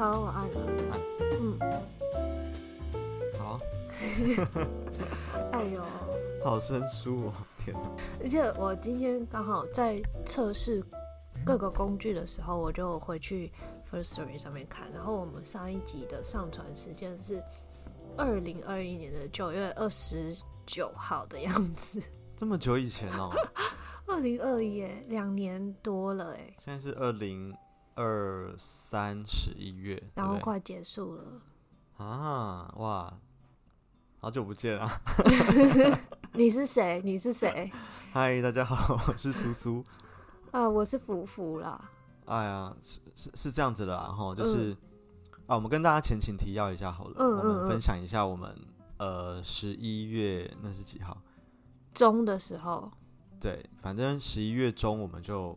好，我按了。嗯，好。 哎呦，好生疏、哦、啊！天哪！而且我今天剛好在測試各個工具的時候，我就回去 First Story 上面看。然後我們上一集的上傳時間是二零二一年的九月二十九號的樣子。這麼久以前哦？二零二一，兩年多了哎、欸。現在是二零。二三十一月，然後快結束了啊！哇，好久不見了啊 你是誰？你是誰？你是誰？嗨，大家好，我是蘇蘇。啊、呃，我是福福啦。哎呀，是是是這樣子的，然後就是、嗯、啊，我們跟大家前情提要一下好了，嗯嗯嗯，我們分享一下我們呃十一月那是幾號？中的時候。對，反正十一月中我們就。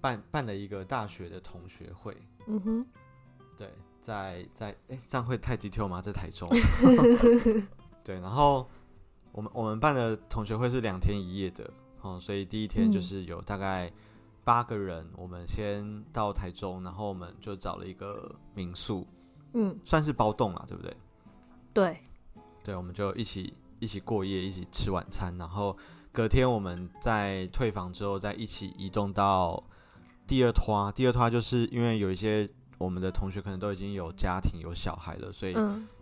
辦辦了一個大學的同學會，嗯哼，對，在在，哎，這樣會太 detail 嗎？在台中， 對，然後我們我們辦的同學會是兩天一夜的，哦，所以第一天就是有大概八個人，嗯、我們先到台中，然後我們就找了一個民宿，嗯，算是包棟嘛對不對？對，對，我們就一起一起過夜，一起吃晚餐，然後隔天我們在退房之後再一起移動到。第二攤第二攤，就是因為有一些我們的同學可能都已經有家庭、有小孩了，所以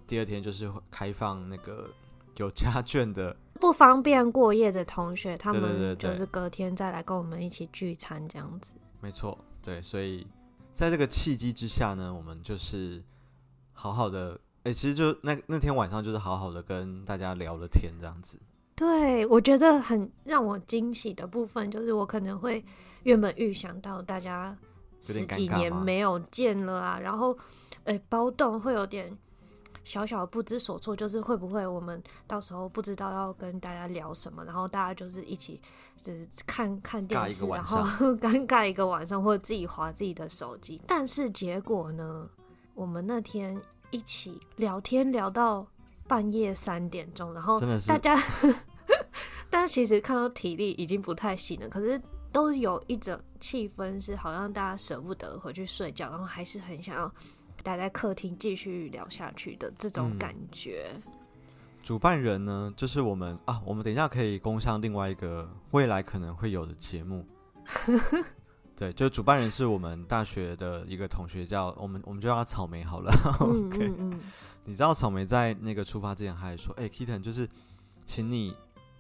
第二天就是會開放那個有家眷的、嗯、不方便過夜的同學，他們就是隔天再來跟我們一起聚餐這樣子。對對對對，沒錯，對，所以在這個契機之下呢，我們就是好好的，哎、欸，其實就那那天晚上就是好好的跟大家聊了天這樣子。對，我覺得很讓我驚喜的部分就是我可能會。原本預想到大家十幾年沒有見了啊，然後，誒、欸，包動會有點小小不知所措，就是會不會我們到時候不知道要跟大家聊什麼，然後大家就是一起只是看看電視，一然後尷尬一個晚上，或者自己滑自己的手機。但是結果呢，我們那天一起聊天聊到半夜三點鐘，然後大家，大家 其實看到體力已經不太行了，可是。都有一種氣氛，是好像大家捨不得回去睡覺，然後還是很想要待在客廳繼續聊下去的這種感覺。嗯、主辦人呢，就是我們啊，我們等一下可以工商另外一個未來可能會有的節目。 對，就主辦人是我們大學的一個同學叫，叫我們，我們就叫他草莓好了。OK，、嗯嗯嗯、 你知道草莓在那個出發之前還說：“哎、欸、，Kitten，就是請你。”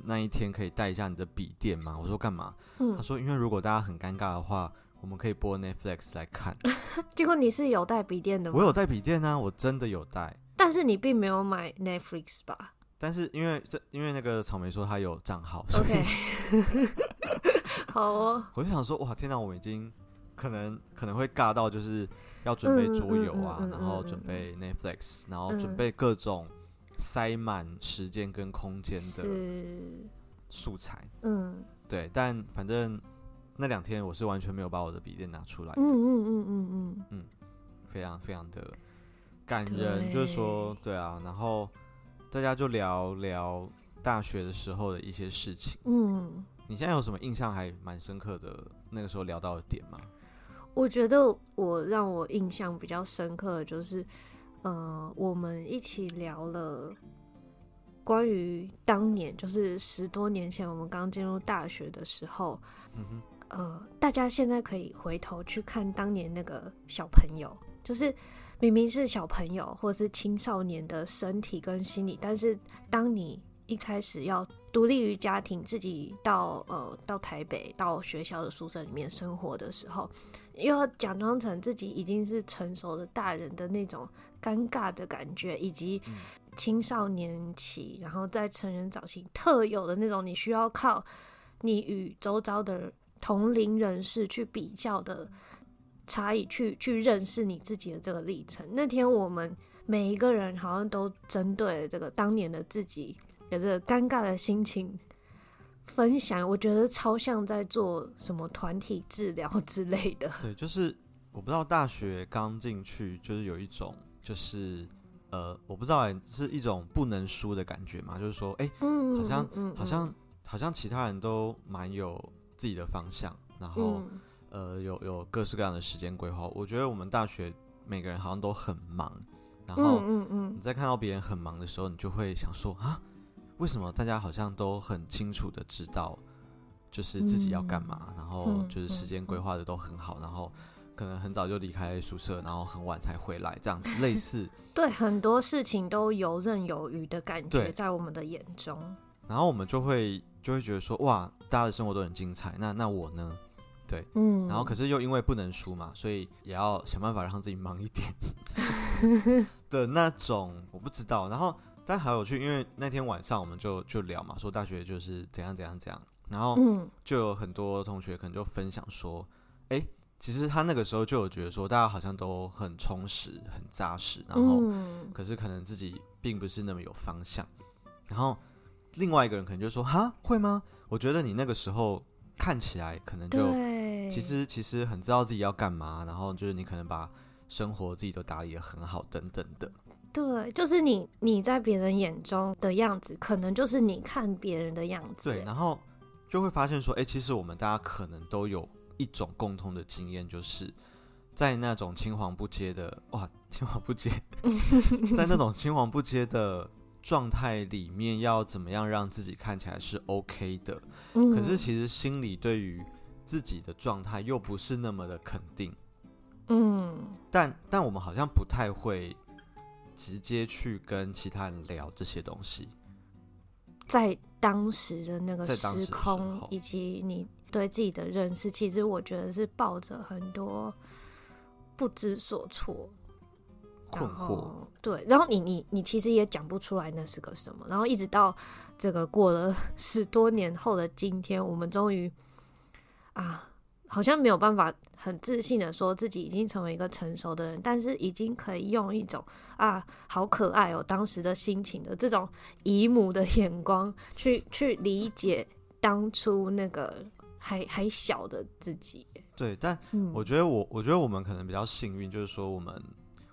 那一天可以帶一下你的筆電嗎？我說幹嘛？嗯、他說因為如果大家很尷尬的話，我們可以播 Netflix 來看。 結果你是有帶筆電的嗎？我有帶筆電啊，我真的有帶。但是你並沒有買 Netflix 吧？但是因為這，因為那個草莓說他有賬號，所以，OK。好哦。我就想說，哇，天哪、啊，我們已經可能可能會尬到，就是要準備桌遊啊，嗯嗯嗯嗯、然後準備 Netflix，、嗯、然後準備各種。塞滿時間跟空間的素材，嗯，對，但反正那兩天我是完全沒有把我的筆電拿出來的，嗯嗯嗯嗯嗯，非常非常的感人，對就是說，對啊，然後大家就聊聊大學的時候的一些事情，嗯，你現在有什麼印象還蠻深刻的那個時候聊到的點嗎？我覺得我讓我印象比較深刻的就是。嗯、呃，我們一起聊了關於當年，就是十多年前我們剛進入大學的時候。嗯哼，呃，大家現在可以回頭去看當年那個小朋友，就是明明是小朋友或者是青少年的身體跟心理，但是當你一開始要獨立於家庭，自己到呃到台北到學校的宿舍裡面生活的時候，又要假裝成自己已經是成熟的大人的那種。尷尬的感覺，以及青少年期，然後在成人早期特有的那種，你需要靠你與周遭的同齡人士去比較的差異，去去認識你自己的這個歷程。那天我們每一個人好像都針對這個當年的自己的這個尷尬的心情分享，我覺得超像在做什麼團體治療之類的。對，就是我不知道大學剛進去，就是有一種。就是呃，我不知道、欸、是一種不能輸的感覺嘛？就是說，哎、欸，好像好像、嗯嗯嗯、好像其他人都蠻有自己的方向，然後、嗯、呃，有有各式各樣的時間規劃。我覺得我們大學每個人好像都很忙，然後、嗯嗯嗯、你在看到別人很忙的時候，你就會想說啊，為什麼大家好像都很清楚的知道，就是自己要幹嘛，嗯、然後就是時間規劃的都很好，然後。可能很早就離開宿舍，然後很晚才回來，這樣子類似對很多事情都游刃有餘的感覺，對在我們的眼中，然後我們就會就會覺得說哇，大家的生活都很精彩，那那我呢？對，嗯，然後可是又因為不能輸嘛，所以也要想辦法讓自己忙一點的那種， 我不知道。然後但還有趣，因為那天晚上我們就就聊嘛，說大學就是怎樣怎樣怎樣，然後嗯，就有很多同學可能就分享說，哎、欸。其實他那個時候就有覺得說，大家好像都很充實、很扎實，然後，可是可能自己並不是那麼有方向。嗯、然後，另外一個人可能就說：“哈，會嗎？”我覺得你那個時候看起來可能就對其實其實很知道自己要幹嘛，然後就是你可能把生活自己都打理得很好，等等的。對，就是你你在別人眼中的樣子，可能就是你看別人的樣子。對，然後就會發現說：“哎，其實我們大家可能都有。”一種共通的經驗，就是在那種青黃不接的哇，青黃不接，在那種青黃不接的狀態 裡面，要怎麼樣讓自己看起來是 OK 的？嗯，可是其實心裡對於自己的狀態又不是那麼的肯定。嗯，但但我們好像不太會直接去跟其他人聊這些東西。在當時的那個時空，以及你。對自己的認識，其實我覺得是抱着很多不知所措、困惑。對，然後你你你其實也講不出來那是個什麼。然後一直到這個過了十多年後的今天，我們終於啊，好像沒有辦法很自信的說自己已經成為一個成熟的人，但是已經可以用一種啊好可愛哦當時的心情的這種姨母的眼光去去理解當初那個。還還小的自己，欸，對，但我覺得我，嗯、我覺得我們可能比較幸運，就是說我們，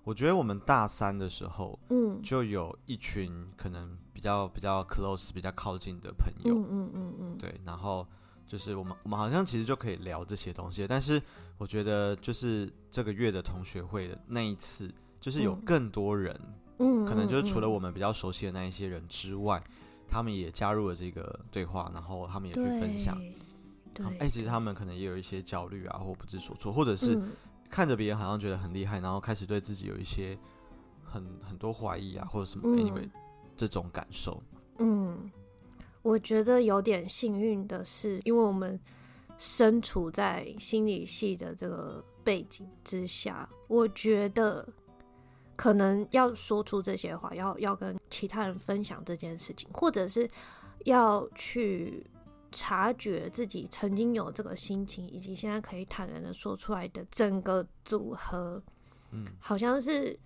我覺得我們大三的時候，嗯，就有一群可能比較比較 close，比較靠近的朋友，嗯，嗯嗯嗯嗯，對，然後就是我們我們好像其實就可以聊這些東西，但是我覺得就是這個月的同學會的那一次，就是有更多人，嗯，嗯，嗯，嗯，可能就是除了我們比較熟悉的那一些人之外，嗯嗯嗯他們也加入了這個對話，然後他們也去分享。哎對、欸，其實他們可能也有一些焦慮啊，或不知所措，或者是看着別人好像覺得很厲害，嗯、然後開始對自己有一些很很多懷疑啊，或者什麼，你們這種感受。嗯，我覺得有點幸運的是，因為我們身處在心理系的這個背景之下，我覺得可能要說出這些話，要要跟其他人分享這件事情，或者是要去。察覺自己曾經有這個心情，以及現在可以坦然的說出來的整個組合，嗯，好像是，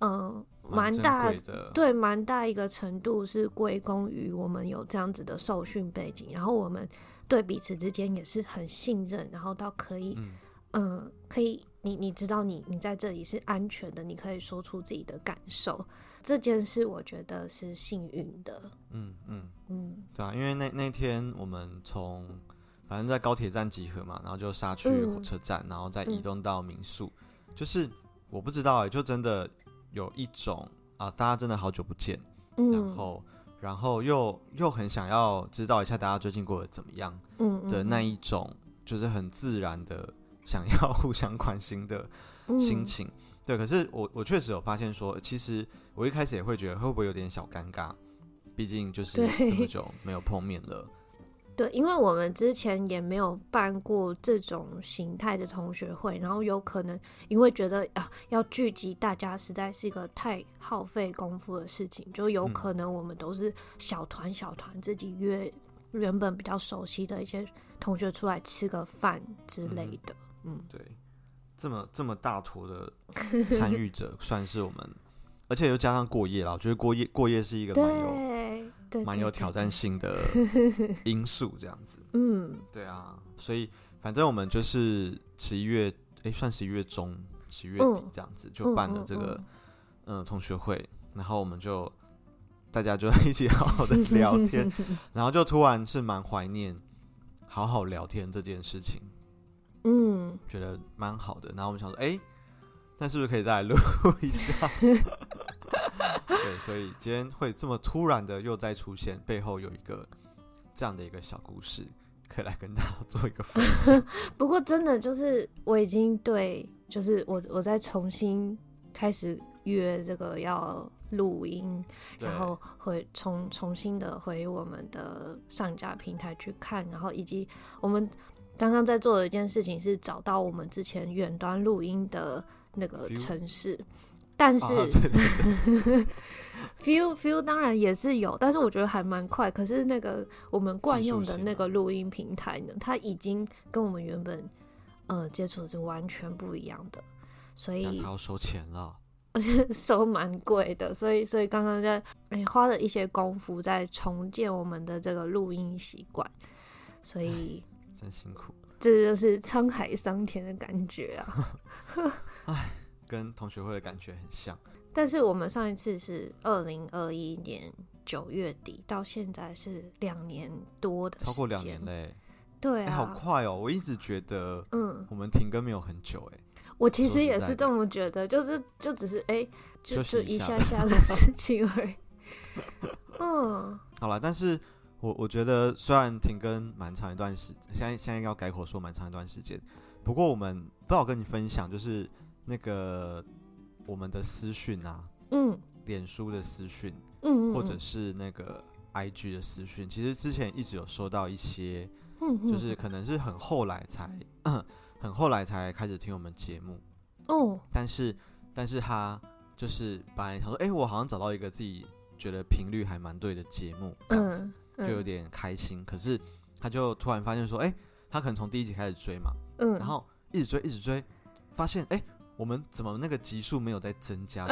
嗯，呃，蠻大，對，蠻大一個程度是歸功於我們有這樣子的受訓背景，然後我們對彼此之間也是很信任，然後到可以，嗯。嗯，可以，你你知道，你你在這裡是安全的，你可以說出自己的感受。這件事我覺得是幸運的。嗯嗯嗯，嗯嗯對啊，因為那那天我們從反正在高鐵站集合嘛，然後就下去火車站，嗯、然後再移動到民宿。嗯、就是我不知道、欸，就真的有一種啊，大家真的好久不見，嗯、然後然後又又很想要知道一下大家最近過得怎麼樣的那一種，就是很自然的。想要互相關心的心情，嗯、對，可是我我確實有發現說，其實我一開始也會覺得會不會有點小尷尬，畢竟就是這麼久沒有碰面了。對。對，因為我們之前也沒有辦過這種形態的同學會，然後有可能因為覺得啊，要聚集大家實在是一個太耗費功夫的事情，就有可能我們都是小團小團自己約原本比較熟悉的一些同學出來吃個飯之類的。嗯嗯，對，這麼這麼大坨的參與者，算是我們， 而且又加上過夜了，我覺得過夜過夜是一個蠻有蠻有挑戰性的因素，這樣子。 嗯，對啊，所以反正我們就是十一月，哎、欸，算十一月中、十一月底這樣子、嗯、就辦了這個、嗯嗯、同學會，然後我們就大家就一起好好的聊天， 然後就突然是蠻懷念好好聊天這件事情。嗯，覺得蠻好的。然後我們想說，哎、欸，那是不是可以再來錄一下？ 對，所以今天會這麼突然的又再出現，背後有一個這樣的一個小故事，可以來跟大家做一個分享。 不過，真的就是我已經對，就是我我在重新開始約這個要錄音，對然後回重重新的回我們的上架平台去看，然後以及我們。剛剛在做的一件事情是找到我們之前遠端錄音的那個程式。F U? 但是 few、啊、 few 當然也是有，但是我覺得還蠻快。可是那個我們慣用的那個錄音平台呢，它已經跟我們原本呃接觸的是完全不一樣的，所以它要收錢了， 收蠻貴的。所以所以剛剛在哎花了一些功夫在重建我們的這個錄音習慣，所以。真辛苦，這就是滄海桑田的感覺啊 ！跟同學會的感覺很像。但是我們上一次是二零二一年九月底，到現在是兩年多的時間，超過兩年嘞。對啊、欸、好快哦！我一直覺得，嗯，我們停更沒有很久哎。嗯、我其實也是這麼覺得，就是就只是哎、欸，就是一,一下下的事情而已。 嗯，好了，但是。我我覺得雖然停更蠻長一段時間，現在現在要改口說蠻長一段時間，不過我們不好跟你分享，就是那個我們的私訊啊，嗯，臉書的私訊，嗯，嗯，嗯，或者是那個 IG 的私訊，其實之前一直有收到一些，嗯，就是可能是很後來才嗯嗯呵呵，很後來才開始聽我們節目，哦，但是但是他就是本來，想說，哎、欸，我好像找到一個自己覺得頻率還蠻對的節目，這樣子。嗯就有點開心，嗯、可是他就突然發現說：“哎、欸，他可能從第一集開始追嘛，嗯、然後一直追，一直追，發現哎、欸，我們怎麼那個集數沒有在增加？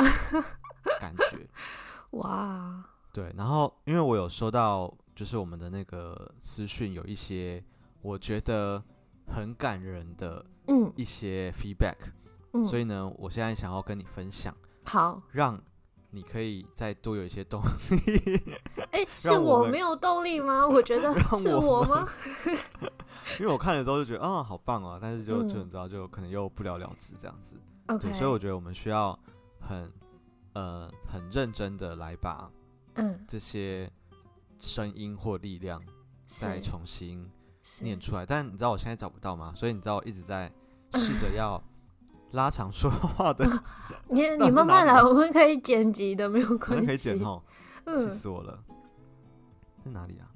感覺，哇！對，然後因為我有收到就是我們的那個私訊，有一些我覺得很感人的一些 feedback，嗯嗯、所以呢，我現在想要跟你分享，好，讓。”你可以再多有一些動力。 哎、欸，是我沒有動力嗎？我覺得是我嗎？ 讓我們笑因為我看了之後就覺得哦，好棒啊，但是就、嗯、就你知道就可能又不了了之這樣子。Okay. 對，所以我覺得我們需要很呃很認真的來把嗯這些聲音或力量再重新念出來。但你知道我現在找不到嗎？所以你知道我一直在試着要、嗯。拉長說話的、啊，你你慢慢來， 我們可以剪輯的，沒有關係，可以剪哦。嗯，氣死我了，在哪裡啊？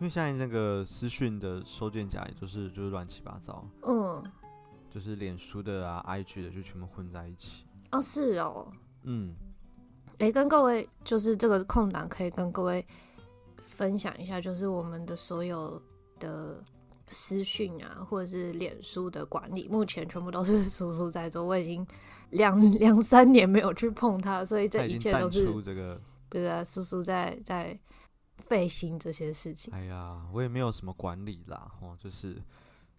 因為現在那個私訊的收件夾，也就是就是亂七八糟，嗯，就是臉書的啊、IG 的，就全部混在一起。哦、啊，是哦，嗯，哎、欸，跟各位就是這個空檔可以跟各位分享一下，就是我們的所有的。私訊啊，或者是臉書的管理，目前全部都是叔叔在做。我已經兩兩三年沒有去碰它，所以這一切都是出、這個、對啊，叔叔在在費心這些事情。哎呀，我也沒有什麼管理啦，哦、就是，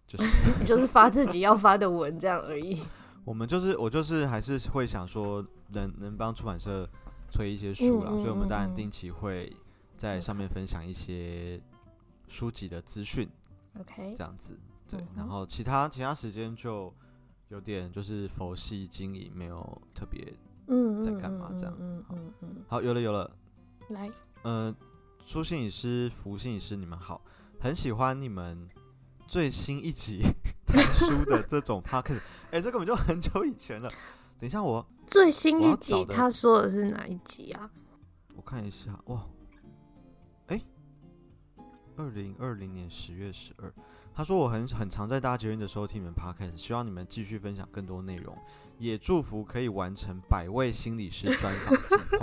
就是就是 就是發自己要發的文這樣而已。 我們就是我就是還是會想說能能幫出版社推一些書啦，嗯嗯嗯嗯，所以我們當然定期會在上面分享一些書籍的資訊。OK，這樣子對，嗯、哼然後其他其他時間就有點就是佛系經營，沒有特別嗯在幹嘛這樣，嗯嗯好，有了有了，來，嗯、呃，舒心理師、福務心理師，你們好，很喜歡你們最新一集特 殊的這種 Parker，哎、 欸，這根、個、本就很久以前了，等一下我最新一集他，他說的是哪一集啊？我看一下，哇。二零二零年十月十二，他說我很很常在搭捷運的時候聽你們 Podcast 希望你們繼續分享更多內容，也祝福可以完成百位心理師專訪計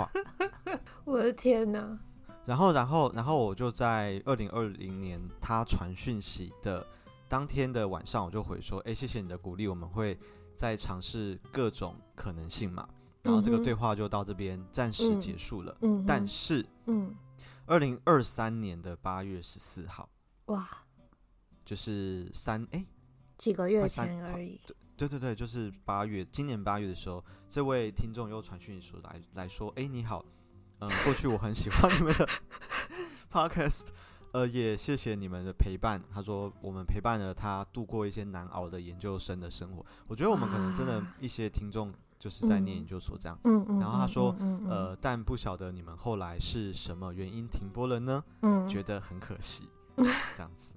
劃。 我的天哪、啊！然後，然後，然後我就在二零二零年他傳訊息的當天的晚上，我就回說，誒、欸，謝謝你的鼓勵，我們會再嘗試各種可能性嘛。然後這個對話就到這邊暫時結束了。嗯，嗯嗯但是，嗯。二零二三年的八月十四號，哇，就是 3, 誒三哎幾個月前而已，對對對，就是八月，今年八月的時候，這位聽眾又傳訊說來來說，哎你好，嗯，過去我很喜歡你們的 podcast，呃，也謝謝你們的陪伴。他說我們陪伴了他度過一些難熬的研究生的生活。我覺得我們可能真的一些聽眾。啊。就是在念研究所這樣，嗯嗯，嗯嗯，然後他說，嗯嗯嗯嗯、呃，但不曉得你們後來是什麼原因停播了呢？嗯，覺得很可惜，嗯、這樣子。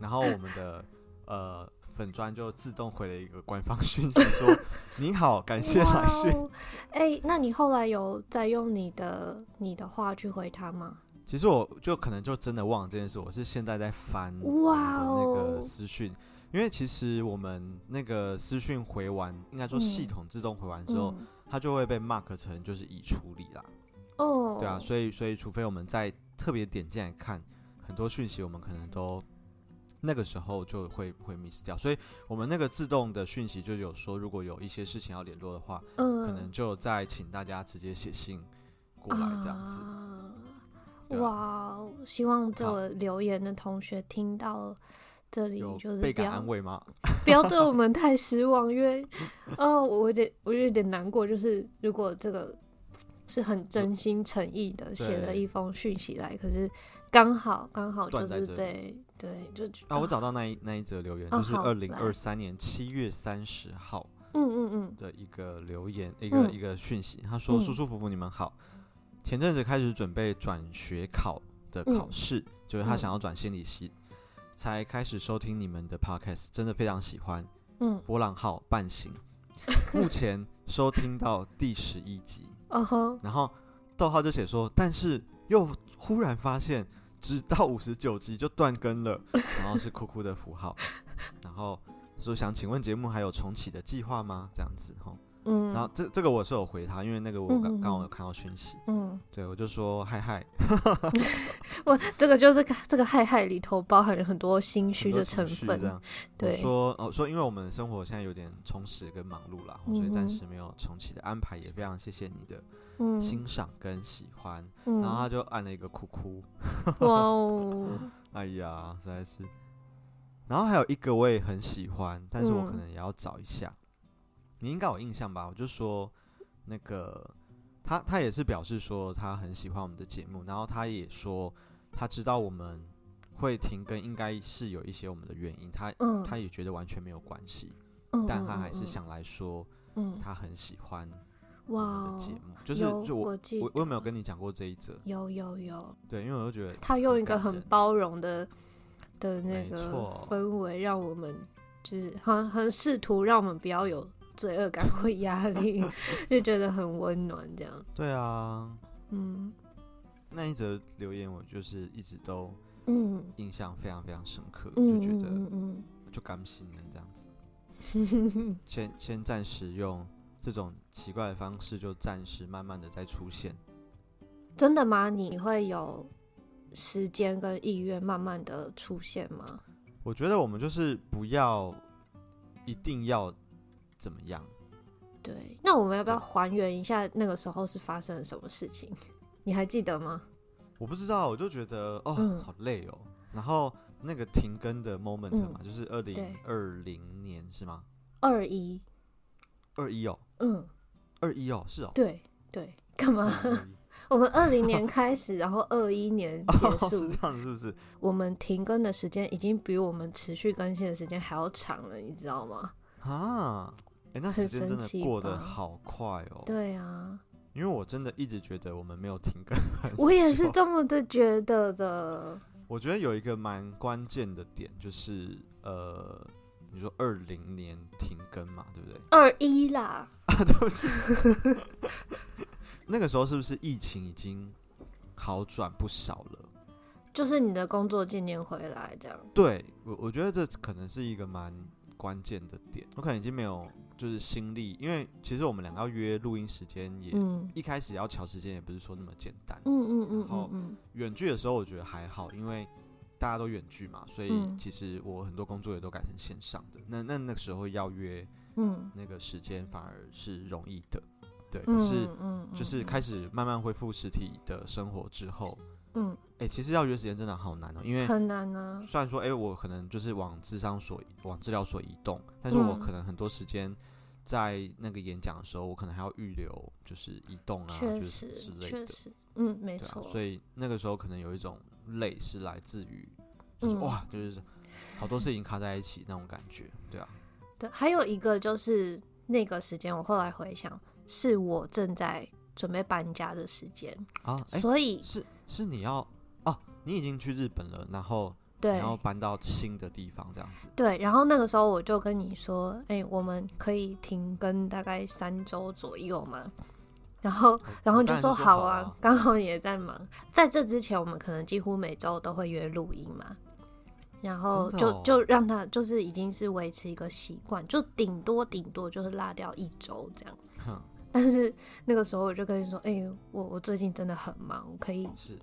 然後我們的 呃粉專，就自動回了一個官方訊息說，你 好，感謝來訊。哎、wow 欸，那你後來有在用你的你的話去回他嗎？其實我就可能就真的忘了這件事，我是現在在翻哇那個私訊。Wow 因為其實我們那個私訊回完，應該說系統自動回完之後，嗯嗯、它就會被 mark 成就是已處理啦。哦，對啊，所以所以除非我們再特別點進來看，很多訊息我們可能都那個時候就會會 miss 掉，所以我們那個自動的訊息就有說，如果有一些事情要聯絡的話，嗯、可能就再請大家直接寫信過來這樣子。啊啊、哇，希望這個留言的同學聽到。這裡就是不要備感安慰嗎？不要對我們太失望，因為哦，我有點，我有點難過。就是如果這個是很真心誠意的寫了一封訊息來，可是剛好剛好就是被，對，就，啊，我找到那一那一則留言，就是二零二三年七月三十號，嗯嗯嗯的一個留言，一個一個訊息。他說：“舒舒服服你們好，前陣子開始準備轉學考的考試，就是他想要轉心理系。”才開始收聽你們的 podcast，真的非常喜歡。嗯，波浪號半型，目前收聽到第十一集。嗯哼，然後逗號就寫說，但是又忽然發現，直到五十九集就斷更了。然後是酷酷的符號， 然後說想請問節目還有重啟的計劃嗎？這樣子齁。嗯，然後這這個我是有回他，因為那個我剛、嗯、剛我有看到訊息，嗯，對我就說嗨嗨， 我這個就是個這個嗨嗨裡頭包含了很多心虛的成分，對，說哦說，哦說因為我們生活現在有點充實跟忙碌啦，嗯、所以暫時沒有重啟的安排，也非常謝謝你的欣賞跟喜歡，嗯、然後他就按了一個哭哭，哇哦， 哎呀實在是，然後還有一個我也很喜歡，但是我可能也要找一下。嗯你應該有印象吧？我就說，那個他他也是表示說他很喜歡我們的節目，然後他也說他知道我們會停更，應該是有一些我們的原因。嗯、他他也覺得完全沒有關係，嗯、但他還是想來說，嗯、他很喜歡我們的節目。哇就是有就我我我有沒有跟你講過這一則？有有有。對，因為我就覺得他用一個很包容的的那個氛圍，讓我們就是很很試圖讓我們不要有。罪惡感或壓力， 就覺得很溫暖，這樣。對啊，嗯。那一則留言，我就是一直都，嗯，印象非常非常深刻，嗯、就覺得，嗯，就甘心了，這樣子。嗯、 先先暫時用這種奇怪的方式，就暫時慢慢的再出現。真的嗎？你會有時間跟意願慢慢的出現嗎？我覺得我們就是不要，一定要。怎麼樣？對，那我們要不要還原一下那個時候是發生了什麼事情？你還記得嗎？我不知道，我就覺得哦，好累哦。然後那個停更的 moment 嘛，就是二零二零年是嗎？二一，二一哦，嗯，二一哦，是哦，對對，幹嘛？我們二零年開始，然後二一年結束，這樣是不是？我們停更的時間已經比我們持續更新的時間還要長了，你知道嗎？啊。哎、欸，那時間真的過得好快哦！對啊，因為我真的一直覺得我們沒有停更，呵呵我也是這麼的覺得的。我覺得有一個蠻關鍵的點，就是呃，你說二零年停更嘛，對不對？二一啦！啊，對不起， 那個時候是不是疫情已經好轉不少了？就是你的工作今年回來，這樣。對我，我覺得這可能是一個蠻關鍵的點，我可能已經沒有就是心力，因為其實我們兩個要約錄音時間也、嗯、一開始要敲時間，也不是說那麼簡單。嗯嗯嗯、然後遠距的時候我覺得還好，因為大家都遠距嘛，所以其實我很多工作也都改成線上的。嗯、那那那個時候要約，那個時間反而是容易的，嗯、對。可是就是開始慢慢恢復實體的生活之後。嗯，哎、欸，其實要約時間真的好難哦、喔，因為很難呢。雖然說，哎、欸，我可能就是往諮商所往治療所移動，但是我可能很多時間在那個演講的時候，嗯、我可能還要預留，就是移動啊，確實，就是之類的。確實，嗯，沒錯、啊。所以那個時候可能有一種累，是來自於，嗯、哇，就是好多事情卡在一起那種感覺，對啊。對，還有一個就是那個時間，我後來回想，是我正在準備搬家的時間啊，欸、所以是。是你要、啊、你已經去日本了，然後對，然後搬到新的地方這樣子。對，然後那個時候我就跟你說，誒、欸，我們可以停更大概三周左右嘛。然後，哦、然後你就說，當然就說好啊，剛好、啊、好、也在忙。在這之前，我們可能幾乎每周都會約錄音嘛。然後就、哦、就讓他就是已經是維持一個習慣，就頂多頂多就是拉掉一周這樣。但是那個時候我就跟你說，哎、欸，我我最近真的很忙，我可以，是，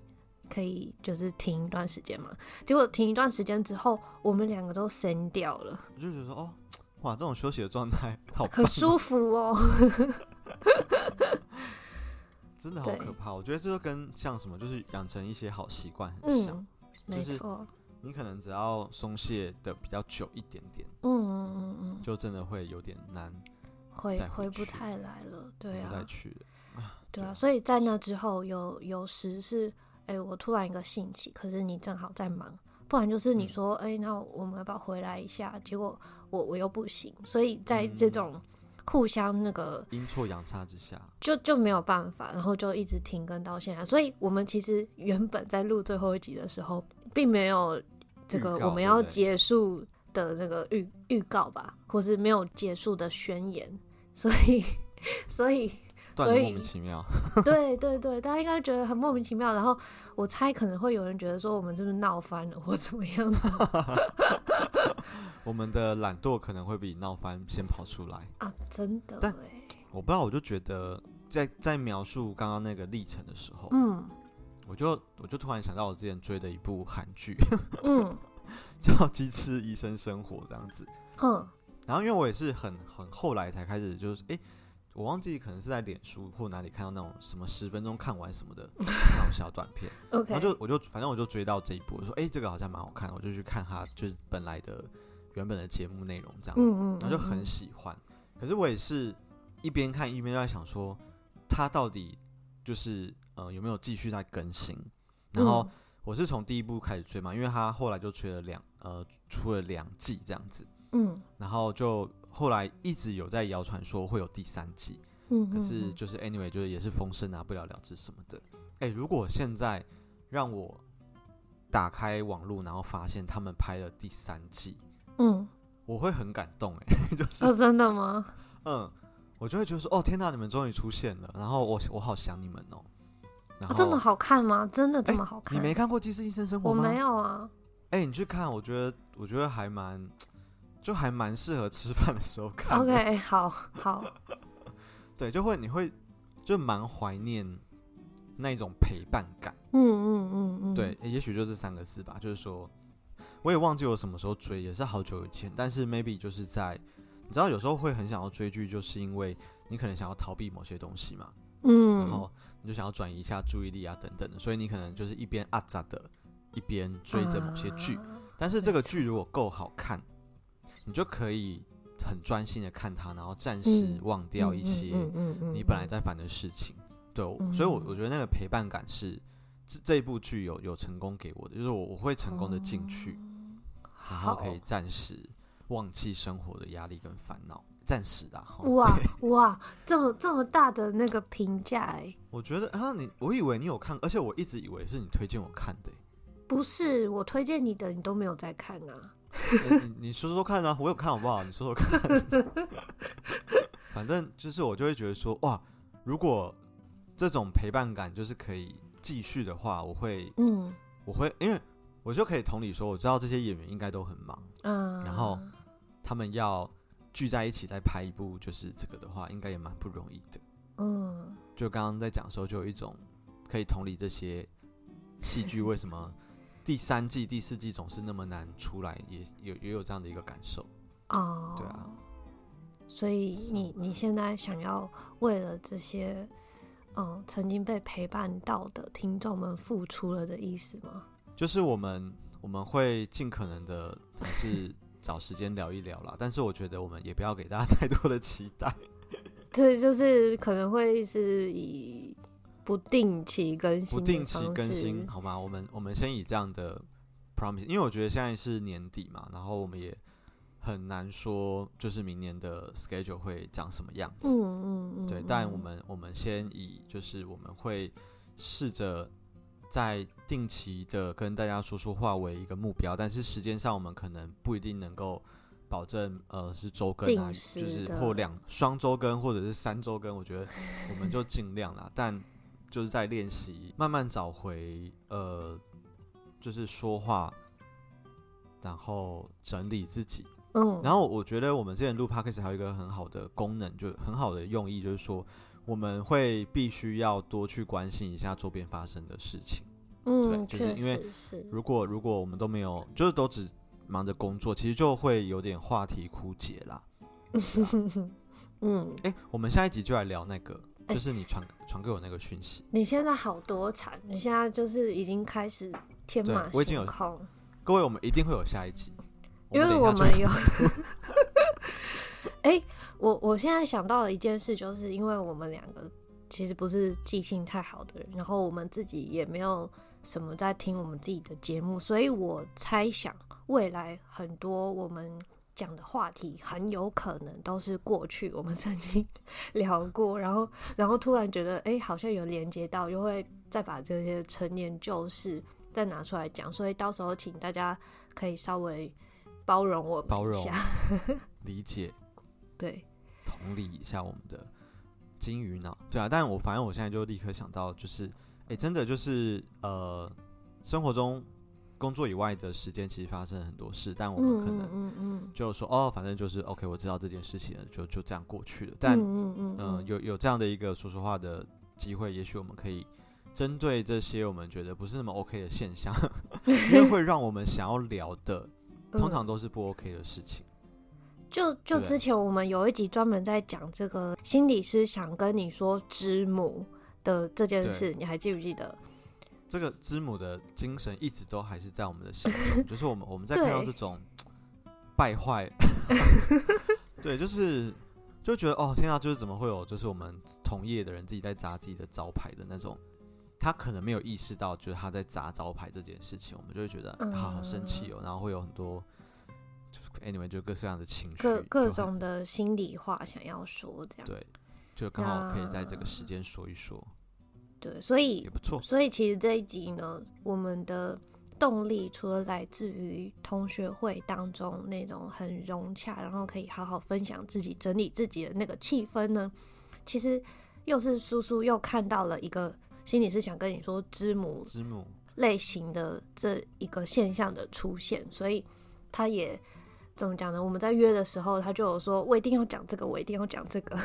可以就是停一段時間嘛。結果停一段時間之後，我們兩個都升掉了。我就覺得說，哦，哇，這種休息的狀態好、啊，很舒服哦。 真的好可怕。對我覺得這個跟像什麼，就是養成一些好習慣很像。嗯、沒錯。你可能只要鬆懈的比較久一點點，嗯嗯嗯嗯，就真的會有點難。回回，回不太來了，對啊，去 對啊，所以在那之後有有時是，哎、欸，我突然一個興起，可是你正好在忙，不然就是你說，哎、嗯欸，那我們要不要回來一下？結果我我又不行，所以在這種互相那個陰錯陽差之下，嗯、就就沒有辦法，然後就一直停更到現在。所以，我們其實原本在錄最後一集的時候，並沒有這個告我們要結束的那個預預告吧，或是沒有結束的宣言。所以，所以，所以莫名其妙。對對對，大家應該覺得很莫名其妙。然後我猜可能會有人覺得說，我們就是鬧翻了或怎麼樣？ 我們的懶惰可能會比鬧翻先跑出來啊！真的。對我不知道，我就覺得在在描述剛剛那個歷程的時候，嗯，我就我就突然想到我之前追的一部韓劇，嗯， 叫《機智醫生生活》這樣子，嗯然後，因為我也是很很後來才開始，就是哎，我忘記可能是在臉書或哪裡看到那種什麼十分鐘看完什麼的，那種小短片。 Okay. 然後就我就反正我就追到這一部，我說哎，這個好像蠻好看的，我就去看他就是本來的原本的節目內容這樣。嗯嗯，嗯，嗯，嗯嗯，然後就很喜歡。可是我也是一邊看一邊就在想說，他到底就是呃有沒有繼續在更新？然後我是從第一部開始追嘛，因為他後來就追了兩呃出了兩季這樣子。嗯，然後就後來一直有在謠傳說會有第三季，嗯哼哼，可是就是 anyway，就是也是風聲啊不，不了了之什麼的。哎、欸，如果現在讓我打開網絡，然後發現他們拍了第三季，嗯，我會很感動。哎、欸，就是、哦、真的嗎？嗯，我就會覺得說哦天哪，你們終於出現了，然後我我好想你們哦、啊。這麼好看嗎？真的這麼好看？欸、你沒看過《機智醫生生活》嗎？我沒有啊。哎、欸，你去看，我覺得我覺得還蠻。就還蠻適合吃飯的時候看。OK，好好。 對，就會你會就蠻懷念那一種陪伴感。嗯嗯嗯嗯。嗯嗯對，欸、也許就是這三個字吧。就是說，我也忘記我什麼時候追，也是好久以前。但是 maybe 就是在你知道，有時候會很想要追劇，就是因為你可能想要逃避某些東西嘛。嗯。然後你就想要轉移一下注意力啊，等等的。所以你可能就是一邊阿雜的，一邊追着某些劇。啊、但是這個劇如果夠好看。你就可以很專心的看他，然後暫時忘掉一些你本來在煩的事情。對，所以我我覺得那個陪伴感是這這部劇有有成功給我的，就是我我會成功的進去，嗯、然後可以暫時忘記生活的壓力跟煩惱，暫好時的。哦、對哇哇，這麼這麼大的那個評價哎！我覺得啊，你我以為你有看，而且我一直以為是你推薦我看的。不是我推薦你的，你都沒有在看啊。 欸、你你說說看啊，我有看好不好？你說說看， 反正就是我就會覺得說，哇，如果這種陪伴感就是可以繼續的話，我會，嗯，我會，因為我就可以同理說，我知道這些演員應該都很忙，嗯，然後他們要聚在一起再拍一部，就是這個的話，應該也蠻不容易的，嗯，就剛剛在講的時候，就有一種可以同理這些戲劇為什麼。 第三季、第四季總是那麼難出來，也有也有這樣的一個感受。哦，uh, 對啊，所以你你現在想要為了這些嗯曾經被陪伴到的聽眾們付出了的意思嗎？就是我們我們會盡可能的還是找時間聊一聊啦， 但是我覺得我們也不要給大家太多的期待。對，就是可能會是以。不定期更新，不定期更新，好嗎？我們我們先以這樣的 promise，因為我覺得現在是年底嘛，然後我們也很難說，就是明年的 schedule 會長什麼樣子。嗯，嗯，嗯，嗯對，但我們我們先以就是我們會試着在定期的跟大家說說話為一個目標，但是時間上我們可能不一定能夠保證，呃，是周更還是就是或兩雙周更或者是三周更，我覺得我們就盡量啦。 但就是在練習，慢慢找回呃，就是說話，然後整理自己。嗯，然後我覺得我們之前錄 Podcast 還有一個很好的功能，就很好的用意，就是說我們會必須要多去關心一下周邊發生的事情。嗯，對，就是因為如果如果，如果我們都沒有，就是都只忙着工作，其實就會有點話題枯竭啦。嗯，哎，我們下一集就來聊那個。就是你傳傳、欸、給我那個訊息。你現在好多產，你現在就是已經開始天馬行空。各位，我們一定會有下一集，因為我們有。哎、 欸，我我現在想到的一件事，就是因為我們兩個其實不是記性太好的人，然後我們自己也沒有什麼在聽我們自己的節目，所以我猜想未來很多我們。講的話題很有可能都是過去我們曾經聊過，然後然後突然覺得哎，好像有連接到，又會再把這些陳年舊事再拿出來講，所以到時候，請大家可以稍微包容我包容一下，容 理解，對，同理一下我們的金魚腦。對啊，但我反正我現在就立刻想到，就是哎，真的就是呃，生活中。工作以外的時間，其實發生很多事，但我們可能就說嗯嗯嗯嗯、哦，反正就是 OK，我知道這件事情了，就就這樣過去了。但嗯、嗯、嗯、嗯、呃、有有這樣的一個說實話的機會，也許我們可以針對這些我們覺得不是那麼 OK 的現象， 因為會讓我們想要聊的 通常都是不 OK 的事情。嗯、就就之前我們有一集專門在講這個心理師想跟你說之母的這件事，對你還記不記得？這個知母的精神一直都還是在我們的心中， 就是我們我們在看到這種對敗壞， 對，就是就覺得哦，天啊，就是怎麼會有就是我們同業的人自己在砸自己的招牌的那種，他可能沒有意識到，就是他在砸招牌這件事情，我們就會覺得、嗯、好好生氣哦，然後會有很多就是 anyway 就各式各樣的情緒，各各種的會心裡話想要說這樣，對，就剛好可以在這個時間說一說。啊對，所以，所以其實這一集呢，我們的動力除了來自於同學會當中那種很融洽，然後可以好好分享自己、整理自己的那個氣氛呢，其實又是叔叔又看到了一個心理系想跟你說之母之母類型的這一個現象的出現，所以他也。怎麼講呢？我們在約的時候，他就有說：“我一定要講這個，我一定要講這個。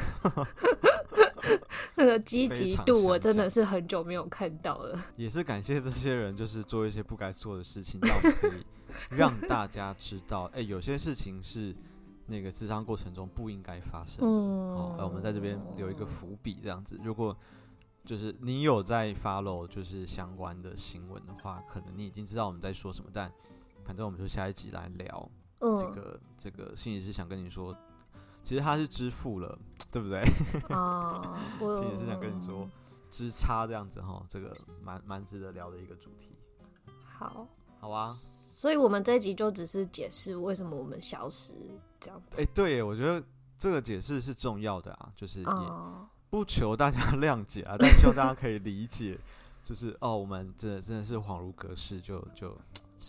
”那個積極度，我真的是很久沒有看到了。也是感謝這些人，就是做一些不該做的事情，讓我們可以讓大家知道，哎、 欸，有些事情是那個諮商過程中不應該發生的，嗯，好、哦，我們在這邊留一個伏筆，這樣子。如果就是你有在 follow 就是相關的新聞的話，可能你已經知道我們在說什麼。但反正我們就下一集來聊。嗯、這個這個心理師想跟你說，其實他是支付了，對不對？哦，心理想跟你說，之差這樣子哈、哦，這個蠻蠻值得聊的一個主題。好，好啊。所以，我們這集就只是解釋為什麼我們消失這樣子。哎，對，我覺得這個解釋是重要的啊，就是也不求大家諒解啊，嗯、但希望大家可以理解，就是 哦，我們真的真的是恍如隔世，就就。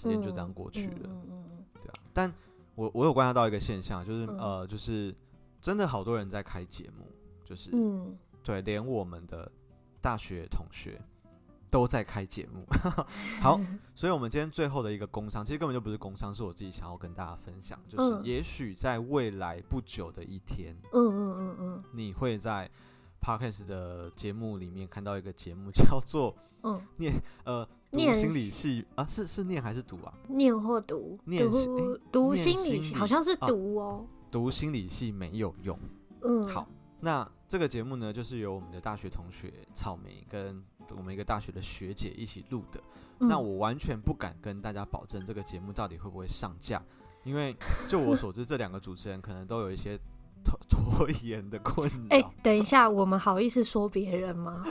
時間就這樣過去了，嗯嗯嗯、對啊，但我我有觀察到一個現象，就是、嗯、呃，就是真的好多人在開節目，就是、嗯、對，連我們的大學同學都在開節目。 好，所以我們今天最後的一個工商，其實根本就不是工商，是我自己想要跟大家分享，就是也許在未來不久的一天，嗯嗯嗯嗯、你會在。Podcast 的節目裡面看到一個節目叫做“嗯唸呃唸心理系念啊，是是，唸還是讀啊？唸或讀唸或讀讀，誒讀心理系好像是讀哦、啊、讀心理系沒有用。嗯，好，那這個節目呢，就是由我們的大學同學草莓跟我們一個大學的學姐一起錄的、嗯、那我完全不敢跟大家保證這個節目到底會不會上架，因為就我所知這兩個主持人可能都有一些。 拖延的困難。哎，等一下， 我們好意思說別人嗎？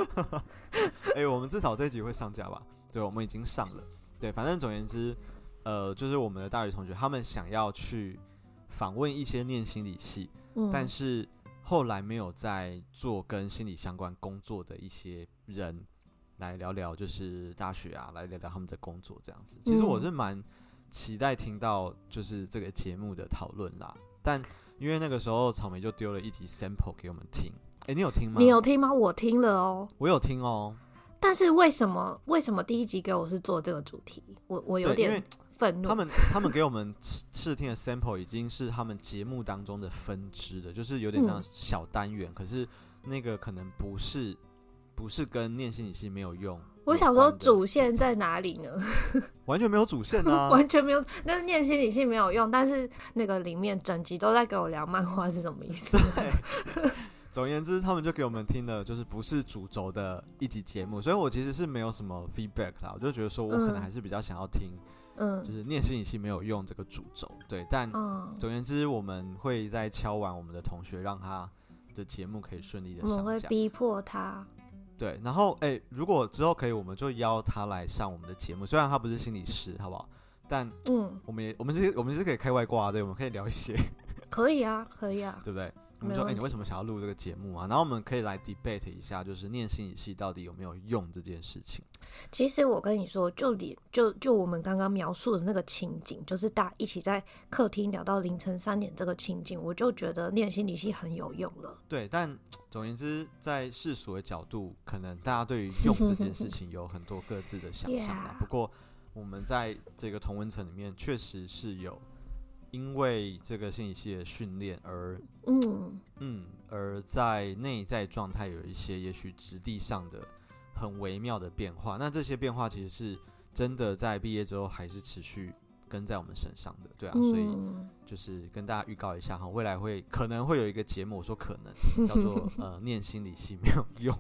哎、 欸，我們至少這一集會上架吧？對，我們已經上了。對，反正總言之，呃，就是我們的大學同學，他們想要去訪問一些念心理系，嗯、但是後來沒有在做跟心理相關工作的一些人，來聊聊就是大學啊，來聊聊他們的工作這樣子。其實我是蠻期待聽到就是這個節目的討論啦，嗯、但。因為那個時候草莓就丟了一集 sample 給我們聽，哎、欸，你有聽嗎？你有聽嗎？我聽了哦、喔，我有聽哦、喔。但是為什麼為什麼第一集給我是做這個主題？我我有點憤怒。他們他們給我們試試聽的 sample 已經是他們節目當中的分支的， 就是有點像小單元。可是那個可能不是不是跟念心理系沒有用。我想說主線在哪裡呢？ 完全沒有主線啊！ 完全沒有，那、就是、念心理系沒有用。但是那個裡面整集都在給我聊漫畫是什麼意思？ 對。總言之，他們就給我們聽的就是不是主軸的一集節目，所以我其實是沒有什麼 feedback 啦。我就覺得說我可能還是比較想要聽，嗯，就是念心理系沒有用這個主軸。對，但總言之，我們會在敲完我們的同學，讓他的節目可以順利的上。我們會逼迫他。對，然後哎，如果之後可以，我們就邀他來上我們的節目。雖然他不是心理師，好不好？但嗯，我們也、嗯、我們是我們是可以開外掛的，對，我們可以聊一些。可以啊，可以啊，對不對？你說、欸、你為什麼想要錄這個節目啊？然後我們可以來 debate 一下，就是念心理系到底有沒有用這件事情。其實我跟你說，就你就就我們剛剛描述的那個情景，就是大家一起在客廳聊到凌晨三點這個情景，我就覺得念心理系很有用了。對，但總而言之，在世俗的角度，可能大家對於用這件事情有很多各自的想象。 Yeah. 不過我們在這個同溫層裡面，確實是有。因為這個心理系的訓練而嗯嗯，而在內在狀態有一些也許質地上的很微妙的變化。那這些變化其實是真的，在畢業之後還是持續跟在我們身上的，對啊。嗯、所以就是跟大家預告一下哈，未來會可能會有一個節目，我說可能叫做 呃念心理系沒有用。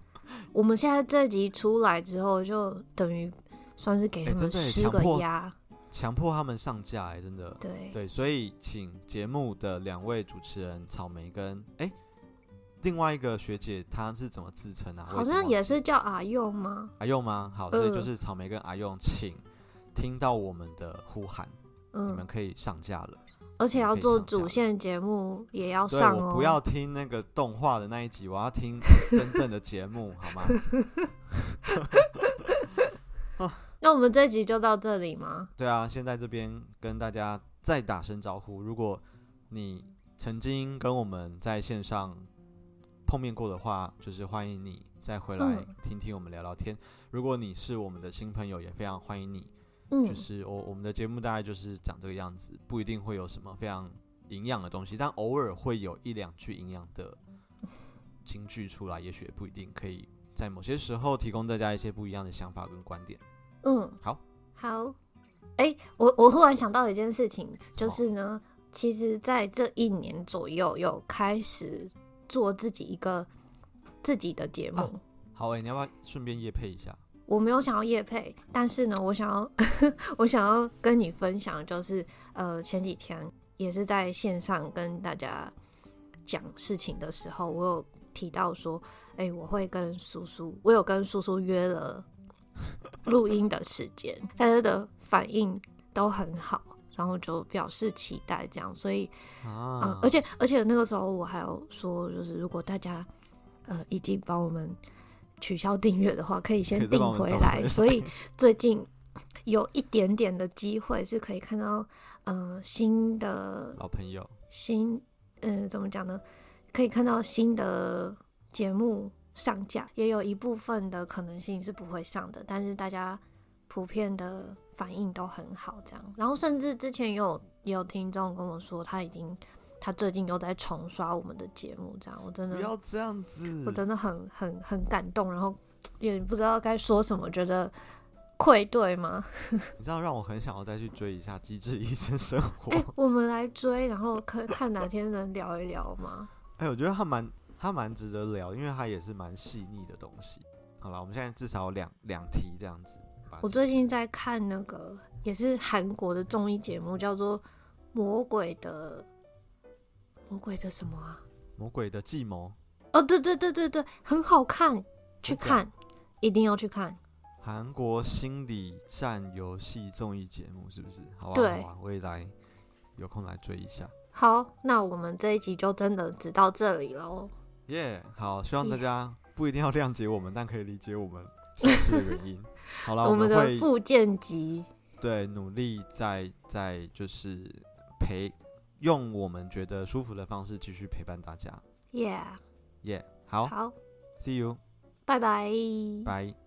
我們現在這集出來之後，就等於算是給你們施、欸欸、個壓。強迫他們上架，欸，真的對對，所以請節目的兩位主持人草莓跟，欸、另外一個學姐她是怎麼自稱的、啊，好像也是叫阿用嗎？阿用嗎？好，嗯、所以就是草莓跟阿用，請聽到我們的呼喊，嗯、你們可以上架了，而且要做主線節目也要上哦、喔。我不要聽那個動畫的那一集，我要聽真正的節目， 好嗎？ 那我們這集就到這裡嗎？對啊，先在這邊跟大家再打聲招呼。如果你曾經跟我們在線上碰面過的話，就是歡迎你再回來聽聽我們聊聊天。嗯、如果你是我們的新朋友，也非常歡迎你。嗯，就是我我們的節目大概就是長這個樣子，不一定會有什麼非常營養的東西，但偶爾會有一兩句營養的金句出來，也許也不一定可以在某些時候提供大家一些不一樣的想法跟觀點。嗯，好好，哎、欸，我我忽然想到一件事情，就是呢，哦、其實，在這一年左右，有開始做自己一個自己的節目。啊、好哎、欸，你要不要順便業配一下？我沒有想要業配，但是呢，我想要 我想要跟你分享，就是呃，前幾天也是在線上跟大家講事情的時候，我有提到說，哎、欸，我會跟叔叔，我有跟叔叔約了。錄 音的時間，大家的反應都很好，然後就表示期待這樣，所以啊、呃，而且而且那個時候我還有說，就是如果大家呃已經幫我們取消訂閱的話，可以先訂回來，以回來，所以最近有一點點的機會是可以看到呃新的老朋友新嗯、呃、怎麼講呢？可以看到新的節目。上架也有一部分的可能性是不會上的，但是大家普遍的反應都很好，這樣。然後甚至之前也有也有聽眾跟我說，他已經他最近又在重刷我們的節目，這樣。我真的不要這樣子，我真的很很很感動，然後也不知道該說什麼，覺得愧對嗎？ 你知道讓我很想要再去追一下《機智醫生生活》 欸，我們來追，然後看看哪天能聊一聊嗎？哎 欸，我覺得還蠻。它蠻值得聊，因為它也是蠻細膩的東西。好了，我們現在至少兩兩題這樣子。我最近在看那個也是韓國的綜藝節目，叫做《魔鬼的魔鬼的什麼啊？魔鬼的計謀》。哦，對對對對對，很好看，去看，一定要去看。韓國心理戰遊戲綜藝節目是不是？好啊，對，好，我也來有空來追一下。好，那我們這一集就真的只到這裡嘍。耶，yeah, 好，希望大家不一定要諒解我們，Yeah. 但可以理解我們真的原因。 好了啦，我們的復健集，對，努力在在就是陪，用我們覺得舒服的方式繼續陪伴大家。耶耶，好，好，See you，拜拜 bye，拜。